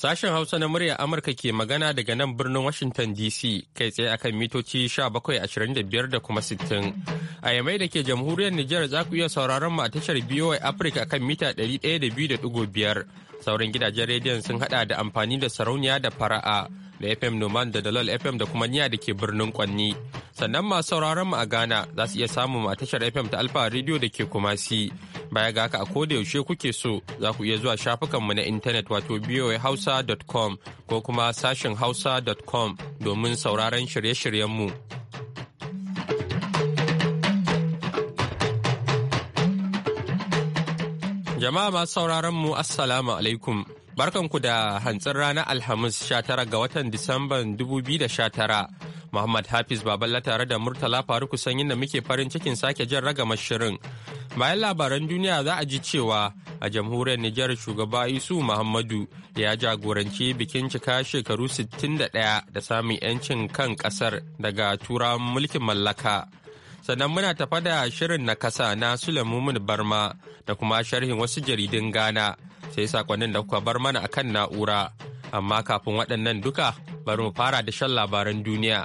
Sashen Hausa na murya Amurka ke magana daga nan birnin Washington DC kai tsaye akan mitoci 1725 da kuma 60. A yamai da ke jamhuriyar Nijar za ku iya sauraron mu a tashar BOA Africa kan mita 102.5. Sauran gidajen rediyon sun hada da amfani da sarauniya da fara'a. da FM Noman da Dalal FM da kuma Niya da ke birnin Kwanni. Sannan masu sauraron mu a Ghana za su iya samu a tashar FM ta Alfa Radio da ke Kumasi. Baya ga haka a koda yaushe kuke so za ku iya zuwa shafukanmu na intanet wato voahausa.com ko kuma sashin hausa.com domin sauraron shirye-shiryenmu. Jama'a masu sauraron mu Assalamu alaikum. Barkanku da hantsin ranar Alhamis 19 ga watan Disamban 2019. Muhammad Hafiz Baballa tare da Murtala Faruku sanyin da muke farin cikin sake jan ragamar shirin. Bayan labaran duniya za a ji cewa a jamhuriyar Nijar shugaba Isu Muhammadu ya jagoranci bikin cika shekaru 61 da samun 'yancin kan ƙasar daga turawan mulkin mallaka. sannan muna tafa da shirin na kasa na Sulaimun Barma da kuma sharhin wasu jaridun Ghana sai sakonnin da kuka bar mana akan na'ura. Amma kafin waɗannan duka bari mu fara da shan labaran duniya.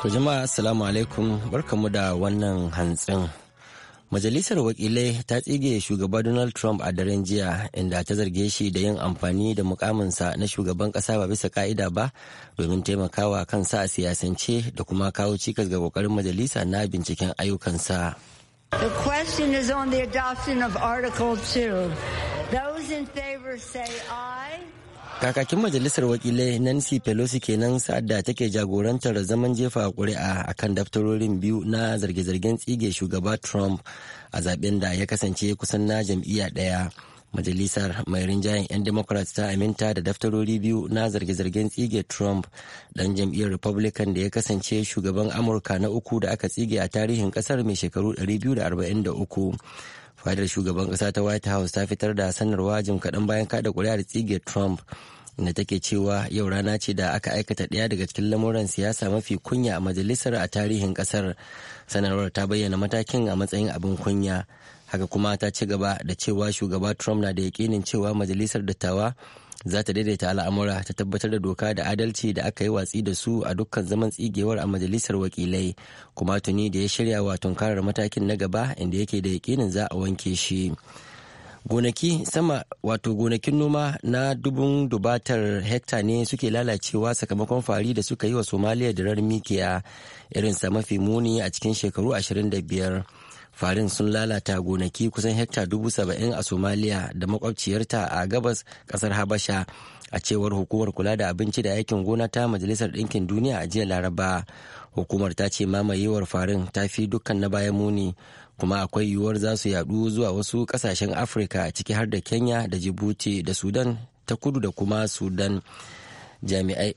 To jama'a assalamu alaikum barkamu da wannan hantsin. Majalisar wakilai ta tsige shugaba Donald Trump a daren jiya inda ta zarge shi da yin amfani da mukaminsa na shugaban kasa ba bisa ka'ida ba domin taimakawa kansa a siyasance da kuma kawo cikas ga kokarin majalisa na binciken ayyukansa. The the Those in favor Kakakin majalisar wakilai Nancy Pelosi kenan sa'ad da take jagorantar zaman jefa kuri'a a kan daftarorin biyu na zarge-zargen tsige shugaba Trump a zaben da ya kasance kusan na jam'iyya daya Majalisar mai rinjayen 'yan Democrats ta aminta da daftarori biyu na zarge-zargen tsige Trump dan jam'iyyar Republican da ya kasance shugaban Amurka na uku da aka tsige a tarihin kasar mai shekaru 243. fadar shugaban kasa ta white house ta fitar da sanarwa jim kaɗan bayan kaɗa kuri'ar tsige trump inda take cewa yau rana ce da aka aikata ɗaya daga cikin lamuran siyasa mafi kunya a majalisar a tarihin ƙasar sanarwar ta bayyana matakin a matsayin abin kunya haka kuma ta ci gaba da cewa shugaba trump na da yakinin cewa majalisar dattawa za ta daidaita al'amura ta tabbatar da doka da adalci da aka yi watsi da su a dukkan zaman tsigewar a majalisar wakilai kuma tuni da ya shirya wa tunkarar matakin na gaba inda yake da yakinin za a wanke shi. gonaki sama wato gonakin noma na dubun dubatar hekta ne suke lalacewa sakamakon fari da suka yi wa somaliya da mikiya irinsa mafi muni a cikin shekaru 25 farin sun lalata gonaki kusan hekta dubu saba'in a somaliya da makwabciyarta a gabas kasar habasha a cewar hukumar kula da abinci da aikin gona ta majalisar ɗinkin duniya a jiya laraba hukumar ta ce mamayewar farin ta fi dukkan na baya muni kuma akwai yiwuwar za su yadu zuwa wasu kasashen afirka ciki har da kenya da jibuti da sudan ta kudu da kuma sudan jami'ai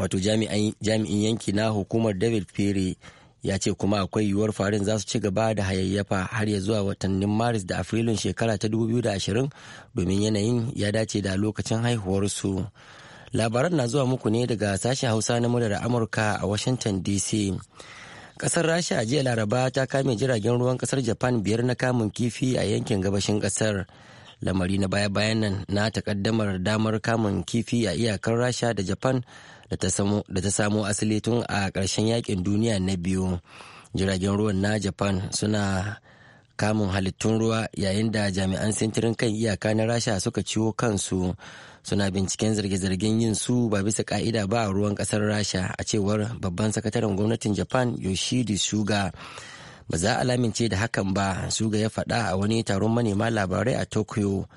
wato jami'in yanki na hukumar david perry ya ce kuma akwai yiwuwar farin za su ci gaba da hayayyafa har ya zuwa watannin maris da afrilun shekara ta 2020 domin yanayin ya dace da lokacin haihuwarsu labaran na zuwa muku ne daga sashen hausa na murar amurka a washington dc Kasar Rasha a jiya Laraba ta kame jiragen ruwan kasar Japan biyar na kamun kifi a yankin gabashin kasar. Lamari na baya-bayan nan na takaddamar damar kamun kifi a iyakar Rasha da Japan da ta samo asali tun a ƙarshen yakin duniya na biyu. Jiragen ruwan na Japan suna kamun halittun ruwa yayin da jami'an sintirin kan iyaka na Rasha suka ciwo kansu. suna binciken zarge-zargen yin su ba bisa ka'ida ba a ruwan kasar rasha a cewar babban sakataren gwamnatin japan yoshidi suga ba za a lamince da hakan ba suga ya faɗa a wani taron manema labarai a tokyo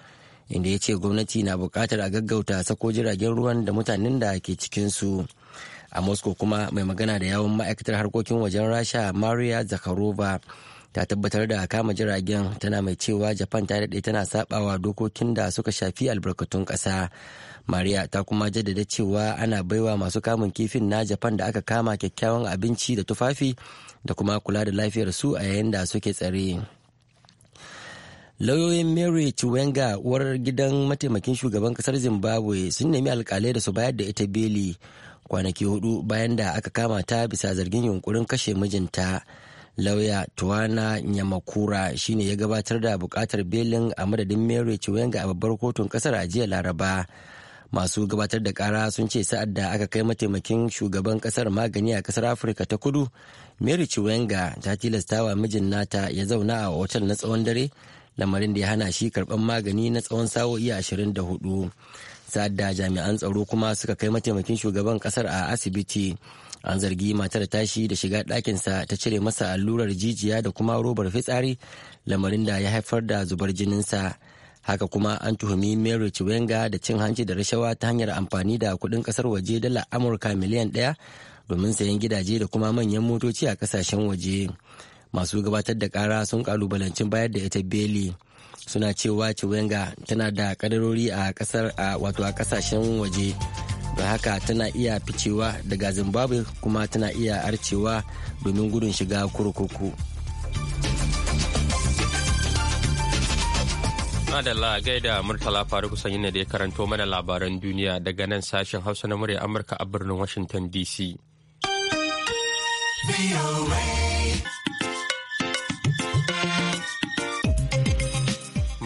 inda ya ce gwamnati na bukatar a gaggauta sako jiragen ruwan da mutanen da ke cikin su a moscow kuma mai magana da yawon ma'aikatar harkokin wajen rasha maria zakharova ta tabbatar da kama jiragen tana mai cewa japan ta daɗe tana sabawa dokokin da suka shafi albarkatun ƙasa maria ta kuma jaddada cewa ana baiwa masu kamun kifin na japan da aka kama kyakkyawan abinci da tufafi da kuma kula da lafiyar su a yayin da suke tsare lauyoyin mary chiwenga uwar gidan mataimakin shugaban kasar zimbabwe sun nemi alkalai da su bayar da ita beli kwanaki hudu bayan da aka kama ta bisa zargin yunkurin kashe mijinta lauya tuwana nyamakura shine ya gabatar da bukatar belin a madadin mary chiwenga a babbar kotun kasar a jiya laraba masu gabatar da kara sun ce sa'ad da aka kai mataimakin shugaban kasar magani a kasar afirka ta kudu mary chiwenga ta wa mijin nata ya zauna a otal na tsawon dare lamarin da ya hana shi karban magani na tsawon sa'o'i ashirin da hudu sa'ad da jami'an tsaro kuma suka kai mataimakin shugaban kasar a asibiti an zargi matar tashi da shiga ɗakinsa ta cire masa allurar jijiya da kuma robar fitsari lamarin da ya haifar da zubar jininsa haka kuma an tuhumi mary wenga da cin hanci da rashawa ta hanyar amfani da kuɗin ƙasar waje dala amurka miliyan ɗaya domin sayan gidaje da kuma manyan motoci a ƙasashen waje masu gabatar da ƙara sun ƙalubalancin bayar da ita beli suna cewa chiwenga tana da kadarori a ƙasar wato a ƙasashen waje da haka tana iya ficewa daga zimbabwe kuma tana iya arcewa domin gudun shiga kurkuku adala gaida Murtala Faruk Sanyi da ya karanto mana labaran duniya daga nan sashen Hausa na murya Amurka a birnin Washington DC.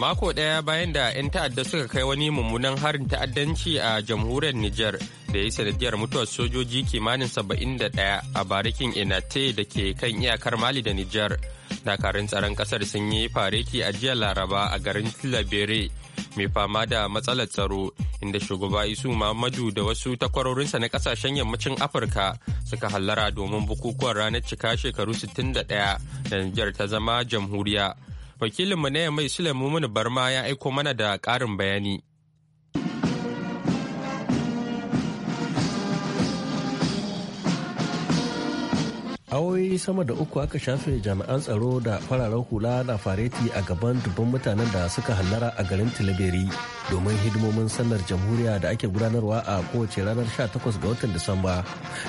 Mako ɗaya bayan da 'yan ta'adda suka kai wani mummunan harin ta'addanci a jamhuriyar Nijar da ya sanadiyar mutuwar sojoji kimanin 71 a barikin Enate da ke kan iyakar Mali da Nijar. Dakarun tsaron ƙasar sun yi fareki a jiya Laraba a garin Tilabere mai fama da matsalar tsaro inda shugaba Isu Muhammadu da wasu takwarorinsa na ƙasashen yammacin Afirka suka hallara domin bukukuwan ranar cika shekaru 61 da Nijar ta zama jamhuriya. wakilinmu na mai Sulaimu Barma ya aiko mana da ƙarin bayani. awoyi sama da uku aka shafe jami'an tsaro da fararen hula na fareti a gaban dubban mutanen da suka hallara a garin tilaberi domin hidimomin sallar jamhuriya da ake gudanarwa a kowace ranar 18 ga watan disamba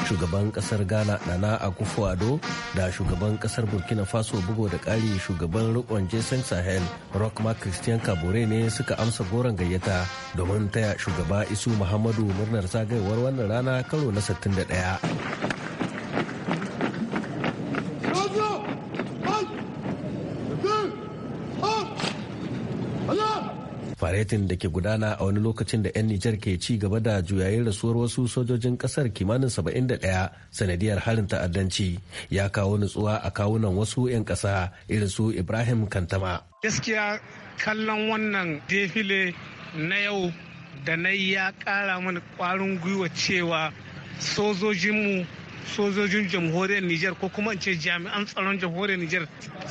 shugaban kasar ghana nana akufo ado da shugaban kasar burkina faso bugo da kari shugaban rikon jason sahel rock mark christian kabore ne suka amsa goron gayyata domin taya shugaba isu muhammadu murnar zagayewar wannan rana karo na 61 faretin da ke gudana a wani lokacin da 'yan nijar ke ci gaba da juyayin rasuwar wasu sojojin kasar kimanin 71 sanadiyar harin ta'addanci ya kawo nutsuwa a kawunan wasu 'yan kasa irin su ibrahim kantama gaskiya kallon wannan defile na yau da na ya kara mana kwarin gwiwa cewa sojojinmu sojojin jamhuriyar Nijar ko kuma in ce jami'an tsaron jamhuriyar Nijar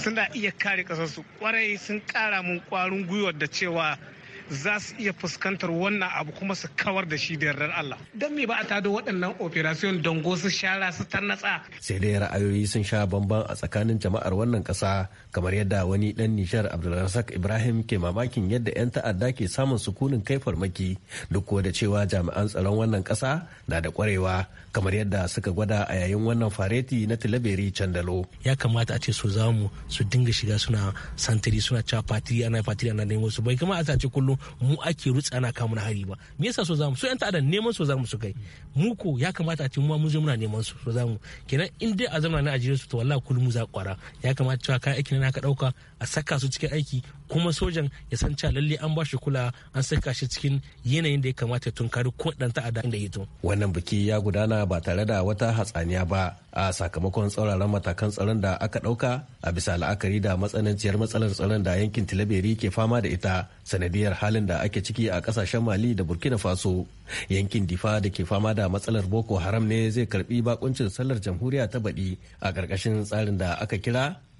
suna iya kare kasarsu kwarai sun kara mun kwarin gwiwa da cewa za su iya fuskantar wannan abu kuma su kawar da shi da yardar Allah. Don me ba a tado waɗannan operation don su shara su tarnatsa. Sai dai ra'ayoyi sun sha bamban a tsakanin jama'ar wannan ƙasa kamar yadda wani ɗan nishar Abdulrasak Ibrahim ke mamakin yadda 'yan ta'adda ke samun sukunin kai farmaki duk da cewa jami'an tsaron wannan ƙasa na da ƙwarewa kamar yadda suka gwada a yayin wannan fareti na Tilaberi Candalo. Ya kamata a ce su zamu su dinga shiga suna santiri suna ca fatiri ana fatiri ana nemo su bai kamata a ce kullum mu ake rutsa ana kamun hari ba me yasa so zamu so yan ta'adda neman so zamu su kai mu ko ya kamata a ce mu zo muna neman su so zamu kenan in dai a zamana na ajiyar su to wallahi kullum za kwara ya kamata cewa kayan aikin na ka dauka a saka su cikin aiki kuma sojan ya san cewa lalle an bashi kula an saka shi cikin yanayin da ya kamata ya tunkari ko dan adan da ya wannan biki ya gudana ba tare da wata hatsaniya ba a sakamakon tsauraran matakan tsaron da aka dauka a bisa la'akari da matsananciyar matsalar tsaron da yankin tilaberi ke fama da ita sanadiyar halin da ake ciki a kasashen mali da burkina faso yankin difa da ke fama da matsalar boko haram ne zai karbi bakuncin sallar jamhuriya ta baɗi a ƙarƙashin tsarin da aka kira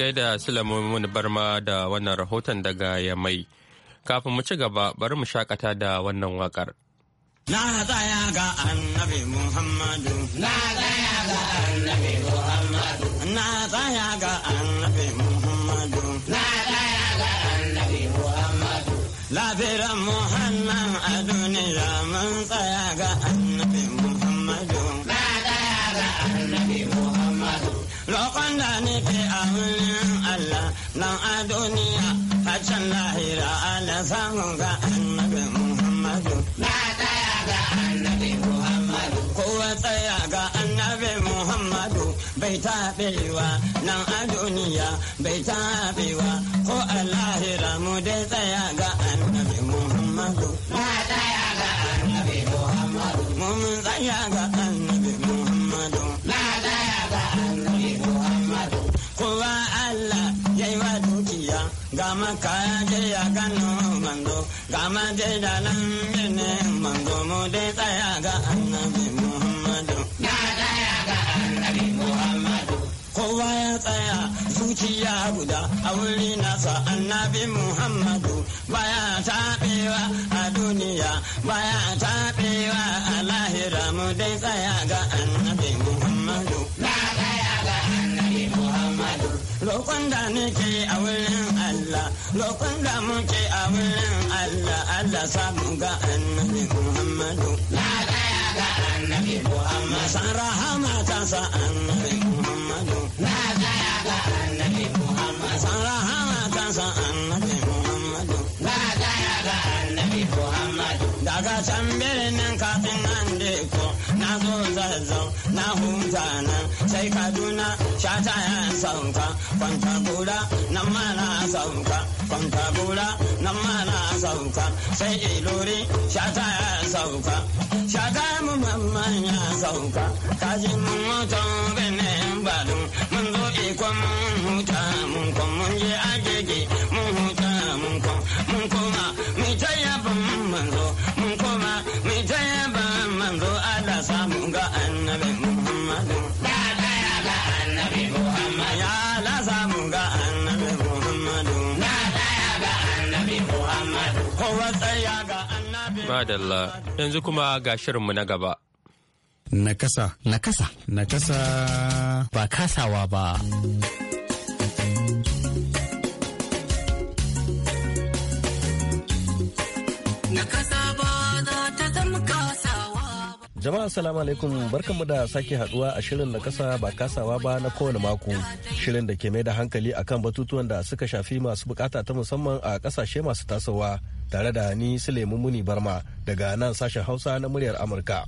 gaida Sulaiman Barma da wannan rahoton daga Yamai. Kafin mu ci gaba bari mu shakata da wannan wakar. Na tsaya ga annabi Muhammadu. Na tsaya ga annabi Muhammadu. Na tsaya ga annabi Muhammadu. Na tsaya ga annabi Muhammadu. Lafiyar Muhammad a duniya mun tsaya ga annabi. can lahira ana samun ga annabi Muhammadu. Na tsaya ga annabi Muhammadu. Kowa tsaya ga annabi Muhammadu bai taɓewa nan a duniya bai taɓewa ko a lahira mu dai tsaya ga annabi Muhammadu. Na tsaya ga annabi Muhammadu. Mun tsaya ga annabi. gama kaje ya gano mando gama je da nan ne mando mu dai tsaya ga annabi muhammadu na tsaya ga annabi muhammadu kowa ya tsaya zuciya guda a wuri nasa annabi muhammadu baya taɓewa a duniya baya taɓewa a lahira mu dai tsaya ga annabi muhammadu roƙon da nake a wurin Allah roƙon da muke a wurin Allah Allah samu ga annabi Muhammadu la daya ga annabi Muhammad san rahama ta sa annabi Muhammadu la daya ga annabi Muhammad san rahama ta sa annabi Muhammad daga can birnin kafin nan ko na zo zazzau na huta nan sai kaduna shata ya sauka kwanta gura nan ma na sauka kwanta gura nan ma na sauka sai ilori ta ya sauka shata mu mamman ya sauka kajin mutum birnin badun mun zo ikon mun huta Madalla, yanzu kuma ga shirinmu na gaba. Nakasa. Nakasa. Nakasa. Ba kasawa ba. Jama'a salamu alaikum barkanmu da sake haduwa a shirin na kasa ba kasawa ba na kowane mako. Shirin da ke mai da hankali akan batutuwan da suka shafi masu bukata ta musamman a kasashe masu tasowa. tare da ni Sulemu Muni Barma daga nan sashen Hausa na muryar Amurka.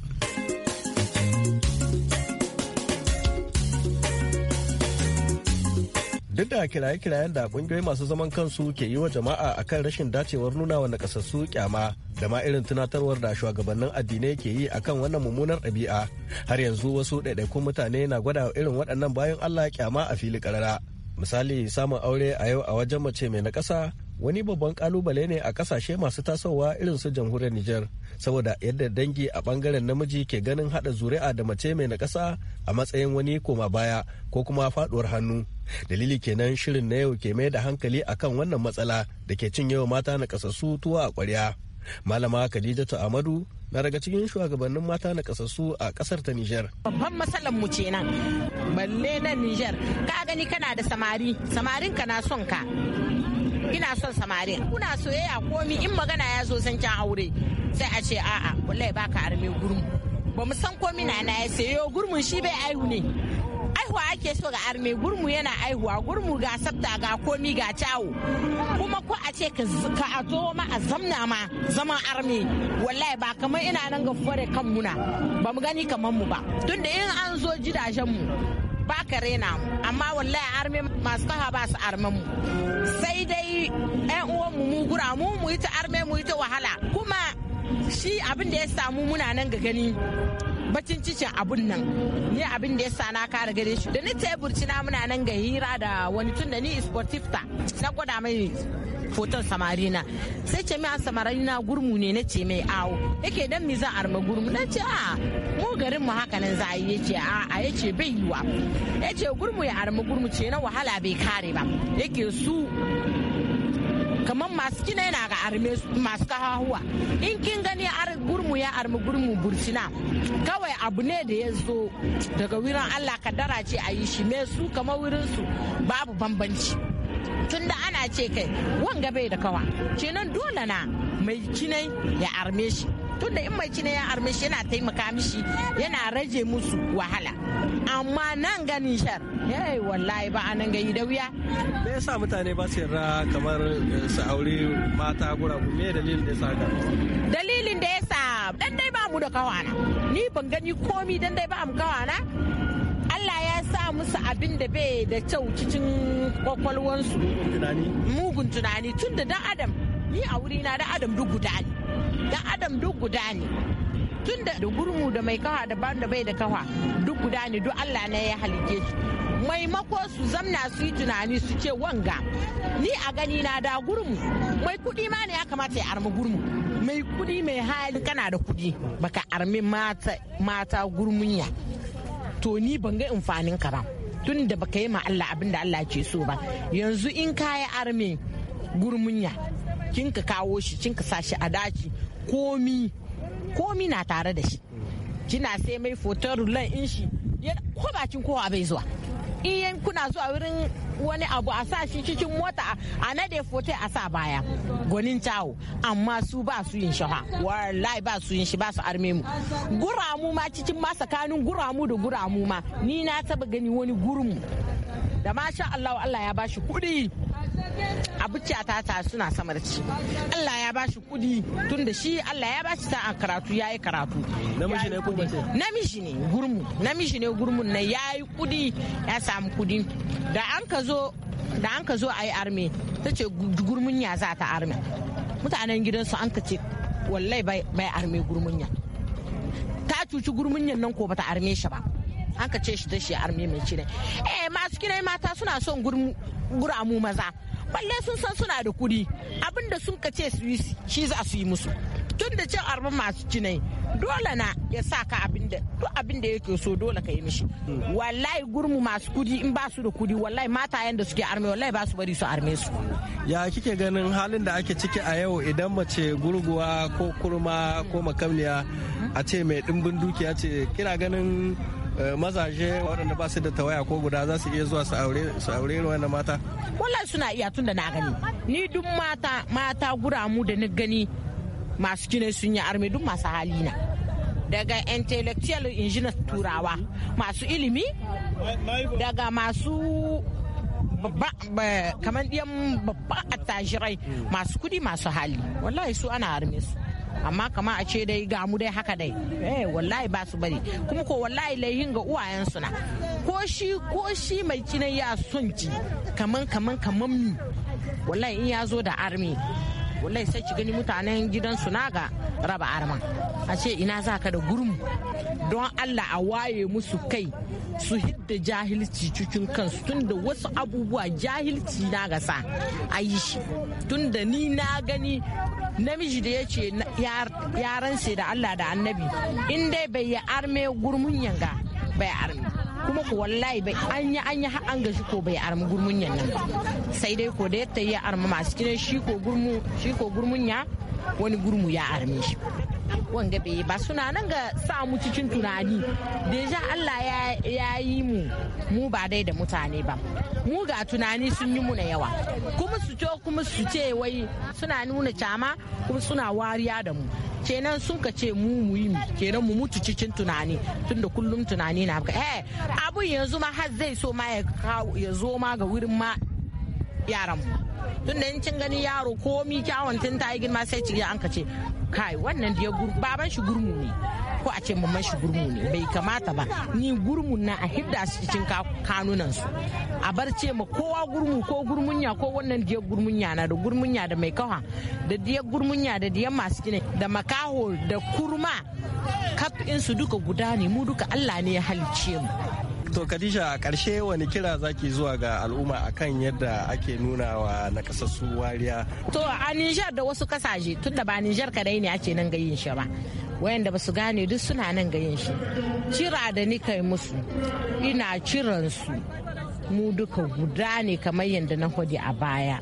duk da kiraye-kirayen da ƙungiyoyi masu zaman kansu ke yi wa jama'a akan rashin dacewar nuna wa nakasassu kyama da ma irin tunatarwar da shugabannin addinai ke yi akan wannan mummunar ɗabi'a har yanzu wasu ɗaiɗaikun mutane na gwada irin waɗannan bayan allah kyama a fili karara misali samun aure a yau a wajen mace mai na nakasa wani babban kalubale ne a kasashe masu tasowa irin su jamhuriyar Nijar saboda yadda dangi a bangaren namiji ke ganin hada zuri'a da mace mai na kasa a matsayin wani koma baya ko kuma faduwar hannu dalili kenan shirin na yau ke mai da hankali akan wannan matsala da ke cin yawa mata na kasassu tuwa a kwarya malama ta amadu na daga cikin shugabannin mata na kasassu a kasar ta Nijar. Babban matsalar mu ce nan, balle na Nijar, ka gani kana da samari, samarin ka na son ka. ina son samarin kuna soyayya komi in magana ya zo san can aure sai a ce a'a wallahi baka arme gurum ba mu san komi na na ya sayo gurmun shi bai aihu ne aihuwa ake so ga arme gurmu yana aihuwa gurmu ga sabta ga komi ga cawo kuma ko a ce ka a zo ma a zamna ma zaman arme wallahi ba kamar ina nan ga fure kan muna ba mu gani kamar mu ba tunda in an zo gidajen mu ba ka rena amma wallahi arme masu faha ba su armen mu sai dai yan uwan mu gura mu mu yi ta arme mu yi ta wahala kuma shi abin da ya samu muna nan ga gani bacin cicin abun nan ni abin da ya sa na kara gare shi da ni teburci na muna nan ga hira da wani tun da ni sportifta na gwada mai foton samarina sai ce mai samarina gurmu ne na ce mai awo yake dan mi zan arma gurmu na ce a mu garin mu haka nan za a yi ce a a ce bai yiwa ya ce gurmu ya arma gurmu ce na wahala bai kare ba yake su kamar masu kina yana ga arme masu kahahuwa in kin gani ar gurmu ya armi gurmu burtina kawai abu ne da ya zo daga wurin allah kadara ce a yi shi me su kamar wurin su babu bambanci tun da ana ce kai wanga bai da kawa kenan dole na mai kinai ya arme shi tunda in mai ne ya armishi yana taimaka mishi yana rage musu wahala amma nan ganin shar yayi eh, wallahi ba anan gani, da wuya me yasa mutane ba su yarda kamar eh, su aure mata ku me dalilin da yasa dalilin da yasa dan dai ba mu da kawana ni ban gani komi dan dai ba mu kawana Allah ya sa musu abin da bai da kyau cikin kwakwalwansu mugun tunani tun da dan adam ni a wuri na da adam duk guda ne dan adam duk guda ne tun da gurmu da mai kawa da da bai da kawa duk guda ne duk allah ne ya halike su maimako su zamna su yi tunani su ce wanga ni a gani na da gurmu mai kudi ma ne ya kamata ya armi gurmu mai kudi mai hali kana da kudi baka armi mata mata gurmunya to ni ban ga amfanin ka ba tun da baka yi ma Allah abin da Allah ke so ba yanzu in ka yi armi gurmunya kin ka kawo shi kin ka sashi a daci komi komi na tare da shi kina sai mai fotar rulan in shi ko bakin kowa bai zuwa in kuna zuwa wurin wani abu a sa shi cikin mota a nade fotai a sa baya gwanin tawo amma su ba su yin ha wallahi ba su yin shi ba su arme mu guramu ma cikin ma tsakanin guramu da guramu ma ni na taba gani wani gurmu da masha Allah Allah ya bashi kuɗi abuciya ta suna samar da ci Allah ya bashi kudi tun da shi Allah ya bashi sa'a karatu yi karatu namiji ne kudi namiji ne gurmu namiji ne gurmu na ya yi kudi ya samu kudi da an ka zo da an ka zo yi arme ta ce gurmun ya za ta arme mutanen gidansu an ka ce wallai bai arme ya ta cuci ya nan ko bata arme shi ba an ka ce shi da shi arme mai cire eh masu kirai mata suna son mu maza balle sun san suna da kuɗi abin da sun kace su yi shi za su yi musu tun da cin arba masu cinai dole na ya sa ka abin da duk abin da yake so dole ka yi mishi wallahi gurmu masu kudi in ba su da kuɗi wallahi mata yanda suke arme wallahi ba su bari su arme su ya kike ganin halin da ake ciki a yau idan mace gurguwa ko kurma ko makamliya a ce mai dimbin dukiya ce kina ganin Eh, mazaje waɗanda ba su da tawaya ko guda za su iya zuwa su aure su aure mata wallahi suna iya tun da na gani ni duk mata mata guramu da na gani masu kine sun yi arme duk masu hali na daga intellectual engineer turawa masu ilimi daga masu kamar ɗiyan babban attajirai masu kudi masu hali wallahi su ana arme su amma kama a ce dai ga mu dai haka dai eh wallahi ba su bari kuma ko wallahi laihin ga uwayen su na ko shi ko shi mai kinan ya son ji kaman kaman kaman mi wallahi in ya zo da armi wallahi sai ki gani mutanen gidan su ga raba arman a ce ina za ka da gurum don allah a waye musu kai su hidda jahilci cikin kansu tun da wasu abubuwa jahilci na gasa a yi shi tun da ni na gani namiji da ya ce yaran sai da Allah da annabi in dai bai yi arme gurmun yanga bai arme kuma ko wallahi bai an yi an yi an gashi ko bai armi gurmun nan sai dai ko da yatta ya armi masu kire shi ko gurmun shi ko ya wani gurmu ya arme shi wanga bai ba suna nan ga sa mu cikin tunani deja Allah ya yi mu mu ba dai da mutane ba mu ga tunani sun yi mu yawa kuma su to kuma su ce wai suna nuna cama kuma suna wariya da mu kenan sun ka ce mu mu yi kenan mu mutu cikin tunani tunda kullum tunani na haka eh abun yanzu ma har zai so ma ya zo ma ga wurin ma yaranmu tun da kin gani yaro komi kyawun tun ta yi girma sai ci an ka ce kai wannan da baban shi gurmu ne ko a ce mamman shi gurmu ne bai kamata ba ni gurmu na a hidda su cikin kanunan su a bar ce ma kowa gurmu ko gurmunya ko wannan diya gurmunya na da gurmunya da mai kawa da diya gurmunya da da masu gine da makaho da kurma kaf su duka guda ne mu duka Allah ne ya halicce mu To Khadija a ƙarshe wani kira zaki zuwa ga al'umma akan yadda ake nuna wa nakasassu wariya. To a Nijar da wasu kasashe tun da ba Nijar kadai ne ake nan gayin shi ba. Wayanda ba su gane duk suna nan gayin shi. Cira da ni kai musu ina su mu duka guda ne kamar yadda na hodi a baya.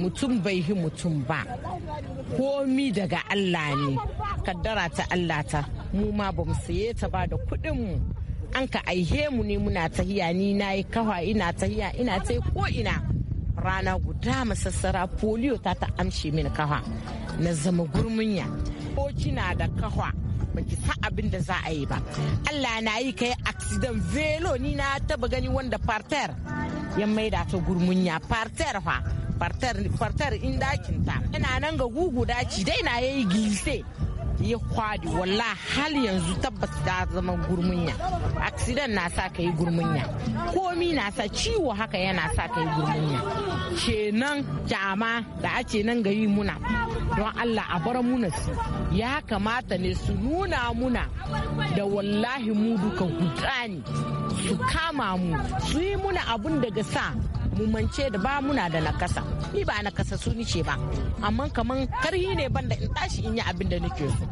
Mutum bai hi mutum ba. Komi daga Allah ne. Kaddara ta Allah ta. Mu ma ba mu saye ta ba da kuɗinmu. mu. an ka aihe mu ne muna tahiya ni na yi kawa ina tahiya ina ta ko ina rana guda masassara polio ta ta amshe min kawa na zama gurmunya ko kina da kawa baki san abin da za a yi ba Allah na yi kai accident velo ni na taba gani wanda parter ya maida ta gurmunya parter fa parter parter in dakin ta ina nan ga gugu daci dai na yayi gilse ya kwadi walla hal yanzu tabbas da zama gurmunya accident na sa ka yi gurmunya komi na sa ciwo haka yana sa ka yi gurmunya kenan jama da ake nan gari muna don allah a bar muna su ya kamata ne su nuna muna da wallahi mu duka hutsani su kama mu su yi muna abun daga sa mumance da ba muna da nakasa ni ba nakasa su ni ce ba amma kaman karhi ne banda in tashi in yi abin da nake so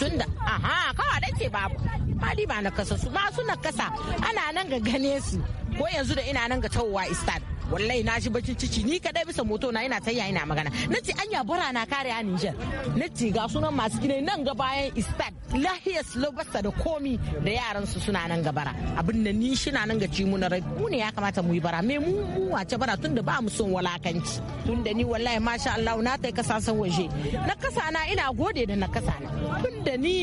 tunda aha kawa da ce babu ma ni ba nakasa su ma su nakasa ana nan ga gane su ko yanzu da ina nan ga tawowa istad wallahi na ji bakin ciki ni kadai bisa moto na ina tayya ina magana na nace anya bara na kare a Niger nace ga sunan masu gine nan ga bayan Istad lahiyas lobasta da komi da yaran su suna nan gabara abin da ni shi na nan ga cimu na ne ya kamata mu yi bara me mu mu wace bara tunda ba mu son walakanci tunda ni wallahi masha Allah na tai kasa san waje na kasa na ina gode da na kasa na tunda ni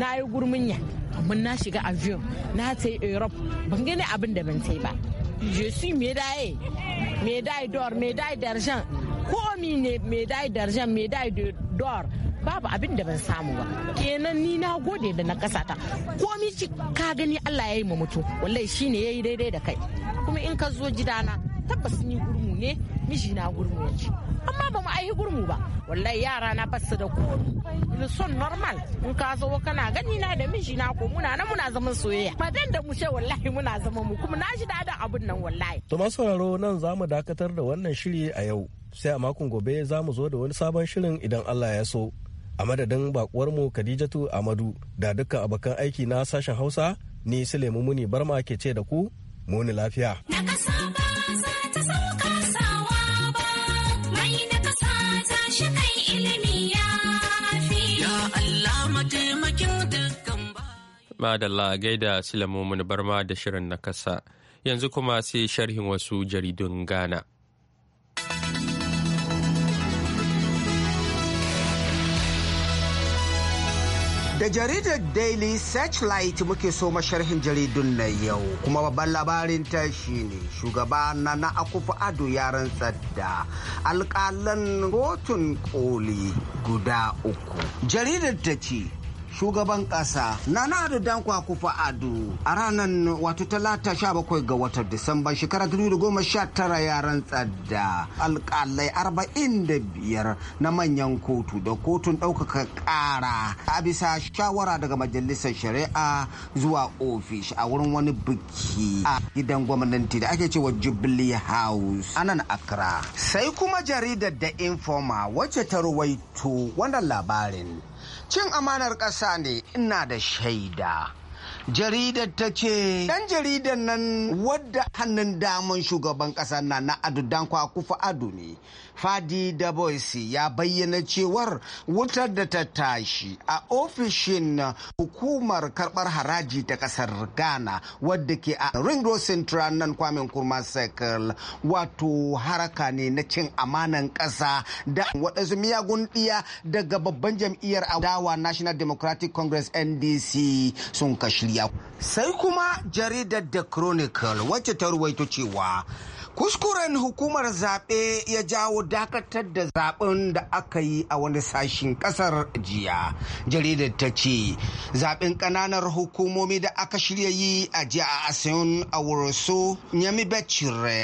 na yi gurminya mun na shiga avion na tai Europe ban gani abin da ban tai ba je suis médaillé, médaille d'or, médaille d'argent, komi ne médaille d'argent, médaille d'or. babu abin da ban samu ba kenan ni na gode da na kasa ta komi ka gani Allah ya yi mu mutu wallahi shine yayi daidai da kai kuma in ka zo gidana tabbas ni gurmu ne mijina gurmu ya ci amma ba mu aihi gurmu ba wallahi yara na basu da komi son normal in ka zo kana gani na da mijina ko muna na muna zaman soyayya dan da mu ce wallahi muna zaman mu kuma na ji dadin abun nan wallahi to masu sauraro nan za mu dakatar da wannan shiri a yau sai a makon gobe za mu zo da wani sabon shirin idan Allah ya so a madadin bakuwar mu Khadijatu Amadu da dukkan abokan aiki na sashen Hausa ni Sulaimu Muni Barma ke ce da ku muni lafiya. Madalla gaida Silamomin Barma da shirin na kasa. Yanzu kuma sai sharhin wasu jaridun Ghana. Da jaridar Daily Searchlight muke so ma sharhin jaridun na yau kuma babban labarin ta ne, shugaba na na akufu ado ya rantsar da alkalan kotun koli guda uku. Jaridar ta ce shugaban ƙasa na ado dankwa kufa ado a ranar wato talata 17 ga watan disamba shekara 2019 yaran tsadda alƙalai biyar na manyan kotu da kotun ɗaukaka ƙara a bisa shawara daga majalisar shari'a zuwa ofis a wurin wani biki a gidan gwamnati da ake cewa jubilee house a nan accra sai kuma jaridar da informa wacce ta ruwaito wannan labarin cin amanar ƙasa ne ina da shaida jaridar ta ce Ɗan jaridar nan wadda hannun damar shugaban ƙasa na na adu dankwa kufa adu ne fadi da boise ya bayyana cewar wutar da ta tashi a ofishin hukumar karbar haraji ta kasar ghana wadda ke a ring road central nan kwamin kurma circle wato haraka ne na cin amanan kasa da waɗansu miyagun ɗiya daga babban jam'iyyar adawa national democratic congress ndc sun kashirya. sai kuma jaridar the chronicle wacce ta ruwaito cewa kuskuren hukumar zaɓe ya jawo dakatar da zaɓen da aka yi a wani sashin ƙasar jiya jaridar ta ce zaɓen ƙananan hukumomi da aka shirya yi a jiya a asin a wurso nyami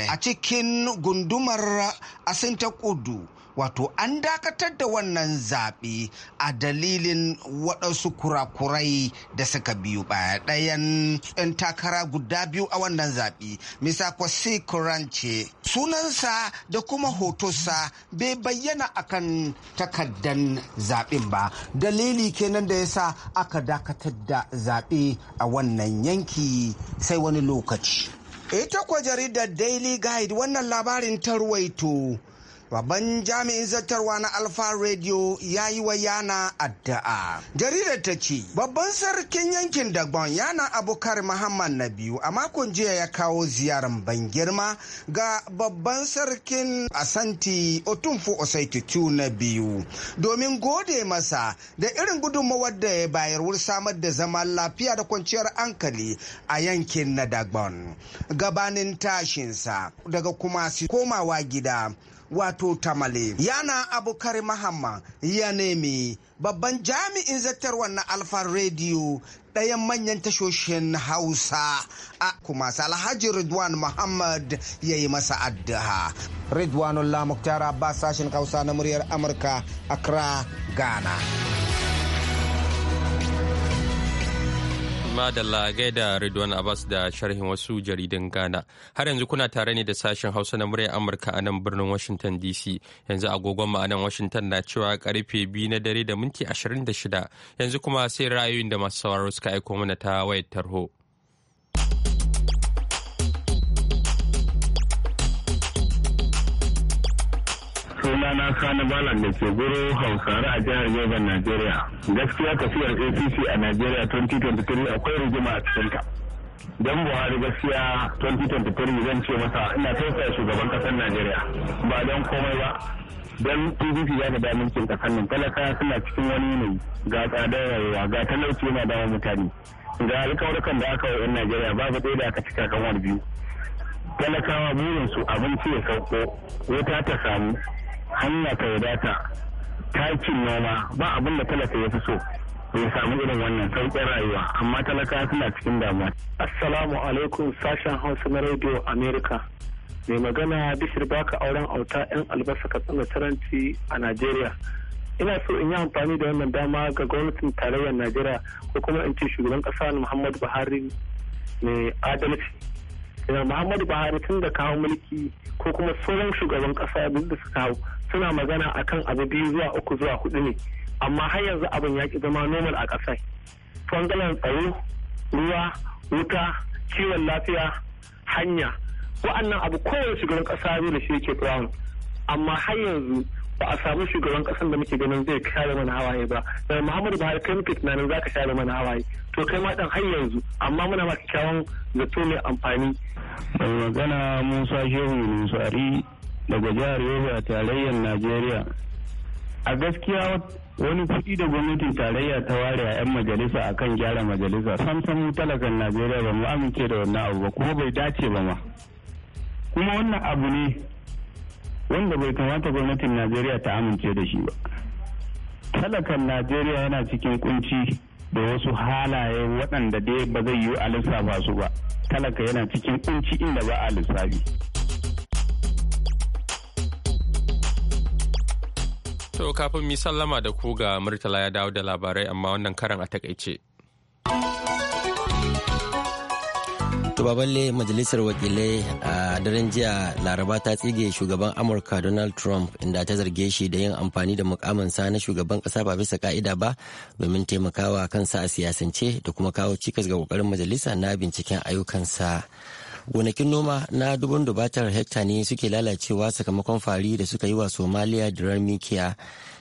a cikin gundumar asin ta kudu wato an dakatar da wannan zaɓe a dalilin waɗansu kurakurai da suka biyu baya ɗayan 'yan takara guda biyu a wannan zaɓe misa kwasi kurance sunansa da kuma hotonsa bai bayyana akan takardan zaɓen ba dalili kenan da yasa aka dakatar da zaɓe a wannan yanki sai wani lokaci ita kwa jaridar daily guide wannan labarin ta ruwaito Babban jami'in zartarwa na Alfa Radio ya yi wa Yana addu'a. Jaridar ta ce, Babban sarkin yankin Dagbon Yana Abukar Muhammad na biyu a makon jiya ya kawo ziyarar ban girma ga babban sarkin Asanti Otunfu Osaititu na biyu domin gode masa da irin gudunmawar da ya bayar wurin samar da zaman lafiya da kwanciyar hankali a yankin na Dagbon. Gabanin tashinsa daga kuma su komawa gida wato tamale yana abukar mahamma ya nemi babban jami'in zartarwar na alfa radio ɗayan manyan tashoshin hausa a kuma alhaji ridwan muhammad ya yi masa addu'a ridwanullah muktar abbas sashen hausa na muryar amurka accra ghana Madalla gaida Ridwan Abbas da sharhin wasu jaridan Ghana. Har yanzu kuna tare ne da sashen Hausa na muryar Amurka a nan birnin Washington DC. Yanzu agogon mu a nan Washington na cewa karfe biyu na dare da minti 26. Yanzu kuma sai ra'ayoyin da masu sauraro suka aiko mana ta wayar tarho. suna na sani balan da ke guru hausare a jihar yoruba nigeria gaskiya tafiyar acc a najeriya 2023 akwai rigima a ka don buhari gaskiya 2023 zan ce masa ina tausaya shugaban kasar nigeria ba don komai ba don pdp ya da damin cin kasar nan talaka suna cikin wani ne ga tsadar rayuwa ga talauci yana dawa mutane ga alkawarkan da aka wa nigeria najeriya babu ɗaya da aka cika kamar biyu talakawa burinsu abinci ya sauko wuta ta samu hanya ta wadata takin noma ba abin da talaka ya fi so bai samu irin wannan sauƙin rayuwa amma talaka suna cikin damuwa. Assalamu alaikum sashen Hausa na Radio America. Mai magana Bishir Baka auren auta 'yan albasa katsina taranci a Najeriya. Ina so in yi amfani da wannan dama ga gwamnatin tarayyar Najeriya ko kuma in ce shugaban ƙasa Muhammadu Buhari mai adalci da muhammadu buhari tun da kawo mulki ko kuma sauran shugaban kasa duk da su kawo suna magana akan abu biyu zuwa uku zuwa hudu ne amma har yanzu abin ya ki zama normal a kasar fangalan tsaro ruwa wuta kiwon lafiya hanya wa'annan abu kowane shugaban kasa zai da shi yake brown amma har yanzu ba a samu shugaban kasan da muke ganin zai kare mana hawaye ba da muhammadu buhari kai muke tunanin za ka share mana hawaye to kai ma dan har yanzu amma muna ma kyakkyawan zato mai amfani mai magana Musa Shehu Nusari daga jihar Yobe tarayyar Najeriya a gaskiya wani kuɗi da gwamnatin tarayya ta ware a 'yan majalisa a kan gyara majalisa samsam talakan najeriya ba mu amince da wannan abu ba kuma bai dace ba ma kuma wannan abu ne wanda bai kamata gwamnatin najeriya ta amince da shi ba talakan najeriya yana cikin kunci da wasu halaye waɗanda dai ba zai yiwu a lissafa su ba talaka yana cikin kunci inda ba a lissafi To kafin mi sallama da ku ga Murtala ya dawo da labarai amma wannan karan a takaice. To balle majalisar wakilai a daren jiya laraba ta tsige shugaban Amurka Donald Trump inda ta zarge shi da yin amfani da mukamansa na shugaban kasa ba bisa ka'ida ba domin taimakawa kansa a siyasance da kuma kawo cikas ga kokarin majalisa na binciken ayyukansa. gonakin noma na dubun dubatar hekta ne suke lalacewa sakamakon fari da suka yi wa somaliya da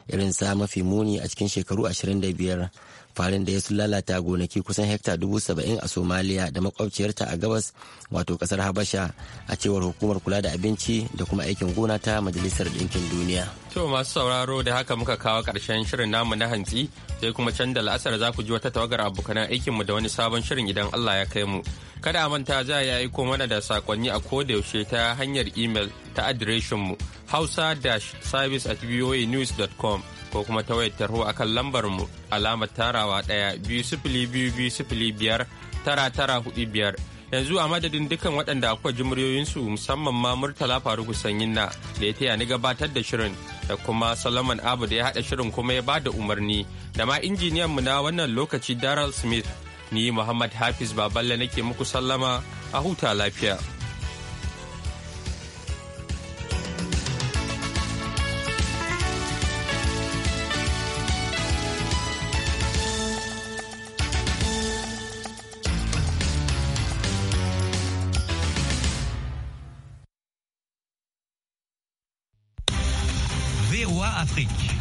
irin sa mafi muni a cikin shekaru 25 farin da ya lalata gonaki kusan hekta dubu saba'in a somaliya da makwabciyarta a gabas wato kasar habasha a cewar hukumar kula da abinci da kuma aikin gona ta majalisar ɗinkin duniya to masu sauraro da haka muka kawo ƙarshen shirin namu na hantsi sai kuma can da la'asar za ku ji wata tawagar abokanan mu da wani sabon shirin idan allah ya kai mu kada a manta za a aiko mana da sakonni a ko da yaushe ta hanyar imel ta mu hausa service voanews.com ko kuma ta wayar tarho akan lambar mu alamar tarawa ɗaya biyu sifili biyu biyu sifili biyar tara tara hudu biyar yanzu a madadin dukkan waɗanda kuka ji musamman ma murtala faruku sanyin na da ya taya ni gabatar da shirin da kuma salaman abu da ya haɗa shirin kuma ya ba da umarni da ma injiniyan mu na wannan lokaci daryl smith ni muhammad hafiz baballe nake muku sallama a huta lafiya.